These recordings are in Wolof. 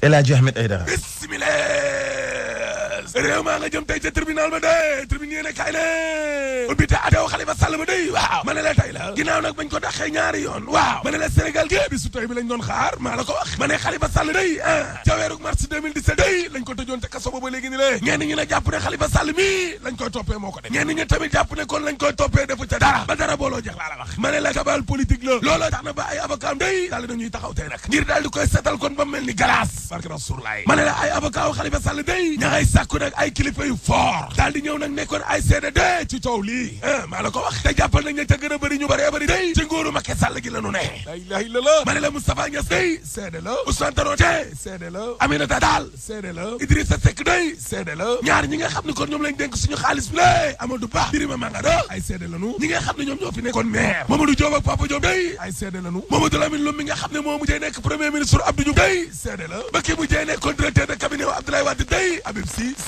El Hadji Ahmed Aidara réew maa nga jëm tey ca tribunal ba de tribunal yéene kaay ne ubbi te atew ma ne la tey la nag bañ ko daxee ñaari yoon ma ne la Sénégal gé bi su tey xaar maa la ko wax ma ne Khalifa Sall day ah ca weeruk mars 2017 day lañ ko tëjoon ca kaso ba ba léegi ni ne jàpp ne Khalifa Sall mi lañ toppee moo ko def ñenn ñi tamit jàpp la wax la tax na ba ay avocat am day daal dañuy taxaw tey ngir daal di koy setal kon ba mel ni galaas ma ne ay avocat nag ay kilifa yu fort daal di ñëw nag nekkoon ay seede de ci coow lii eh, maa la ko wax te jàppal nañ ne ca gën a bëri ñu bëree bëri day ci nguuru Macky Sall gi la ñu ne la ilaha illallah ma ne la Moustapha Niass day seede la Ousmane Tanor Dieng seede la Aminata Tall seede la Idrissa Seck day seede la ñaar ñi nga xam ne kon ñoom lañ dénk suñu xaalis bi lay Amadou Ba Birima Mangara ay seede lañu ñi nga xam ne ñoom ñoo fi nekkoon maire Mamadou Diop ak Papa Diop day ay seede lañu Mamadou nga xam ne moo nekk premier ministre Abdou Diouf day seede la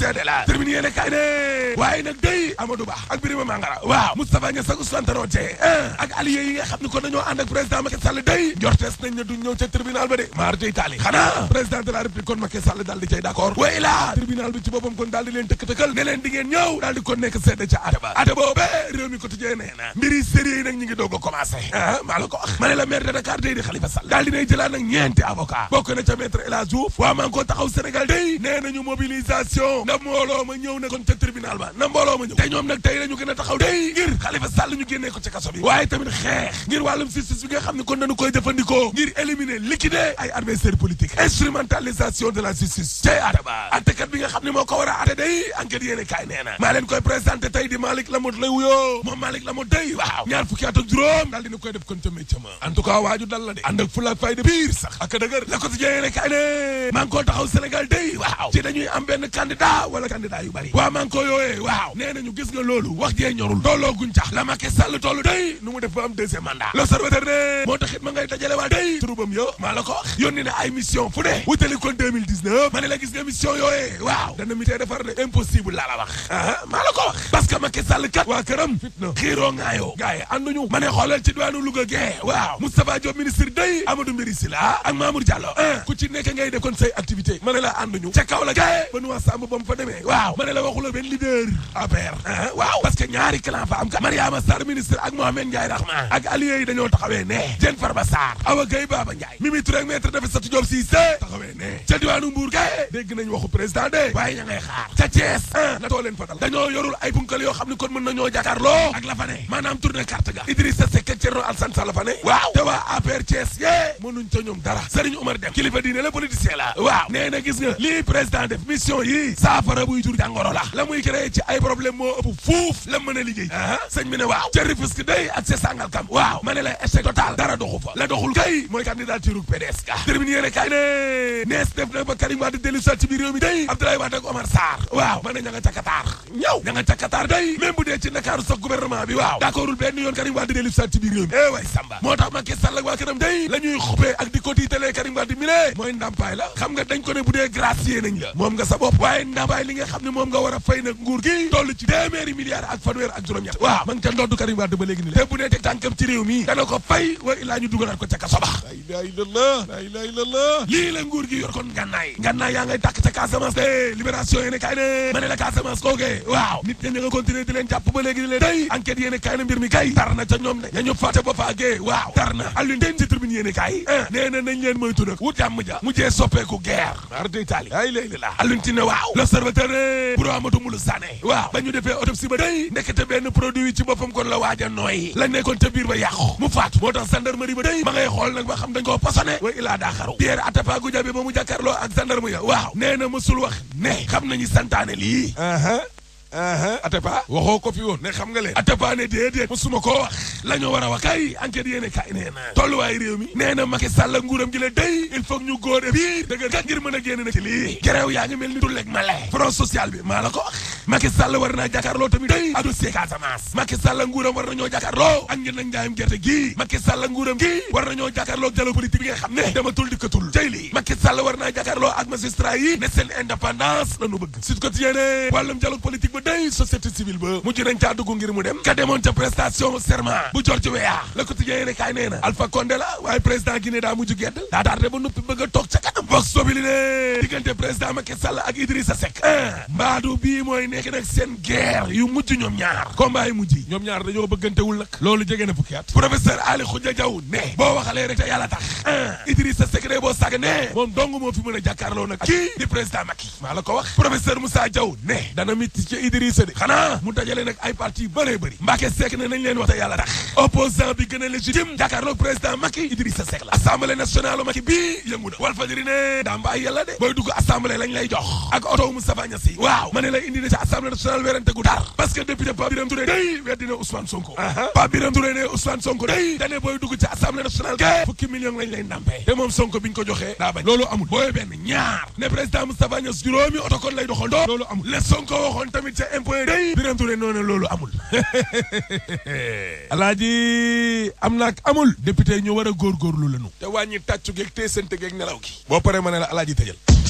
seede la termine yéene waaye nag day Amadou Ba ak Birima Mangara waaw Moustapha Niass ak Ousmane Tanor Dieng ak alliés yi nga xam ne kon dañoo ànd ak président Macky Sall day njortees nañ ne duñ ñëw ca tribunal ba de maar day taali xanaa président de la république kon Macky Sall daal di cay d'accord way la tribunal bi ci boppam kon daal di leen tëkk ne leen di ngeen ñëw di kon nekk seede ca ate ba ate boobe réew mi na mbiri sérieux yi nag ñu a nda mbooloo ma ñëw na kon ca ba na mbooloo ma ñëw te ñoom nag tey la ñu gën a taxaw tey ngir Khalifa Sall ñu génnee ko ci kaso bi waaye tamit xeex ngir wàllum justice bi nga xam ne kon dañu ko war a atte day def kon ca métier ma en waaju dal la de ànd ak fula fay de biir sax ak dëgër la ko si yéene kaay ne maa ngi koo taxaw Sénégal day waaw dañuy am benn candidat candidat wala yu bari waa man ko yooyee waaw nee nañu gis nga loolu wax jee ñorul tolloo guñ la Macky Sall tollu day nu mu def ba am deuxième mandat l'observateur ne moo taxit ma ngay dajale waa day turubam yo maa la ko wax yónni ay mission fu ne wutali kon 2019 ma ne la gis nga mission yooyee waaw dana mi tee defar de impossible laa la wax ah maa la ko wax parce Sall kat waa këram fitna xiiroo ngaayoo gars yi ma ne xoolal ci diwaanu waaw ma ne la waxula benn leader APR ah. waaw parce que ñaari clan fa am ka Mariama Sarr ministre ak Mohamed Ndiaye Rahma ak alliés yi dañoo taxawee ne Diène Farba Sarr Awa Gueye Baba Ndiaye Mimi Touré ak maître Nafissatou Diop Cissé taxawee ne ca diwaanu Mbour ga dégg nañ waxu président de waaye ña xaar ca Thiès la ah, too fa dal dañoo yorul ay punkal yoo xam ne kon mën nañoo jàkkaarloo ak la fa ne maanaam ga Idrissa Seck ak Thierno Alassane saafara bu jur jangoro la la muy créé ci ay problème mo ëpp fuuf la mëna liggéey ah ah. sëñ ne waaw ca ki day ak ci sangal kam waaw mané ne la échec total dara doxu fa la doxul kay mooy candidature u PDS ka terminer kay né nees def na ba Karim Wade delu sat ci bi réew mi day Abdoulaye Wade ak Omar Sarr waaw mané nga ca Qatar ñew nga ca Qatar day même bu dé ci Dakar sa gouvernement bi waaw d'accordul ben yoon Karim Wade delu sat ci bi réew mi eh way Samba motax ma Macky Sall ak wa këram day la ñuy xupee ak di côté télé Karim Wade mi ne mooy ndàmpaay la xam nga dañ ko ne bu dé gracier nañ la mom nga sa bop waaye ndam waaye li nga xam ne moom nga a nguur gi ko fay wa illaa ñu yor kon ngànnaay ngànnaay yaa ngay tàkk ca Casamance de libération kaay ne ma ne leen jàpp ba léegi ni leen tey enquête yéene kaay na mbir mi kay tar na ca ñoom ne ña ñu faate ba faagee waaw tar na allune teen ci tribune yéene kaay ah, nee na nañ leen moytu nag wut jàmm ja mujjee soppeeku guerre mar d'Italie ay léegi la allune l'observateur ne buro amatu mulu sané waaw ba ñu defee autopsie ba day ndekete benn produit ci boppam kon la waaj a nooy la nekkoon ca biir ba yàqu mu faatu moo tax gendarmerie ba day ma ngay xool nag ba xam dañ koo posone way ilaa daa xaru Pierre Atapa Goudiaby ba mu jàkkaarloo ak gendarme ya waaw nee na mësul wax ne xam nañu santaane lii Atepa waxoo ko fi woon ne xam nga leen Atepa ne déedéet musuma koo wax la ñu a wax kay enquête yéene kay nee na tolluwaay réew mi nee na Macky Sall nguuram gi la day il faut ñu góor biir dëgg ka ngir mën a génn nag ci lii gereew yaa ngi mel ni tulleeg male front social bi maa la ko wax Macky Sall war naa jàkkaarloo tamit day ak dossier Casamance Macky Sall nguuram war ñoo jàkkaarloo ak ngeen nag njaayam gerte gi Macky Sall nguuram gi war nañoo jàkkaarloo dialogue politique bi nga xam ne dama tul dikkatul jëy lii Sall war naa jàkkaarloo ak magistrat yi ne seen indépendance la ñu bëgg Sud Quotidien ne wàllum dialogue politique ba day société civile ba mujj nañ caa dugg ngir mu dem ka demoon ca prestation serment bu George Weah Le Quotidien yéene kaay nee na Alpha Condé la waaye président Guinée daa mujj gedd daa tardé ba noppi bëgg a toog ca kanam Vox Populi ne diggante président Macky Sall ak Idrissa Seck mbaadu bii mooy nekk nag seen guerre yu mujj ñoom ñaar combat dong moo fi mën a jàkkaarloo nag kii di président Macky maa la ko wax professeur Moussa Diaw ne dana miti ci Idrissa de xanaa mu dajale nag ay parti bëree bëri Mbacke Seck ne nañ leen wax yàlla tax opposant bi gën a légitime président Macky Idrissa Seck la assemblée nationale Macky bii yëngu na Walf Fadjri ne daa yàlla de booy dugg assemblée lañ lay jox ak oto Moustapha Niasse yi waaw ma ne lay indi ci assemblée nationale werante gu tar loolu amul booy benn ñaar ne président Moustapha Niass juróomi oto kon lay doxandoo loolu amul le Sonko waxoon tamit ca impôt day Birame Touré noo ne loolu amul alaaji am naak amul député ñu war a góorgóorlu lañu te wàññi tàccu geeg tée sante geeg nelaw gi boo paree ma ne la alaaji tëjal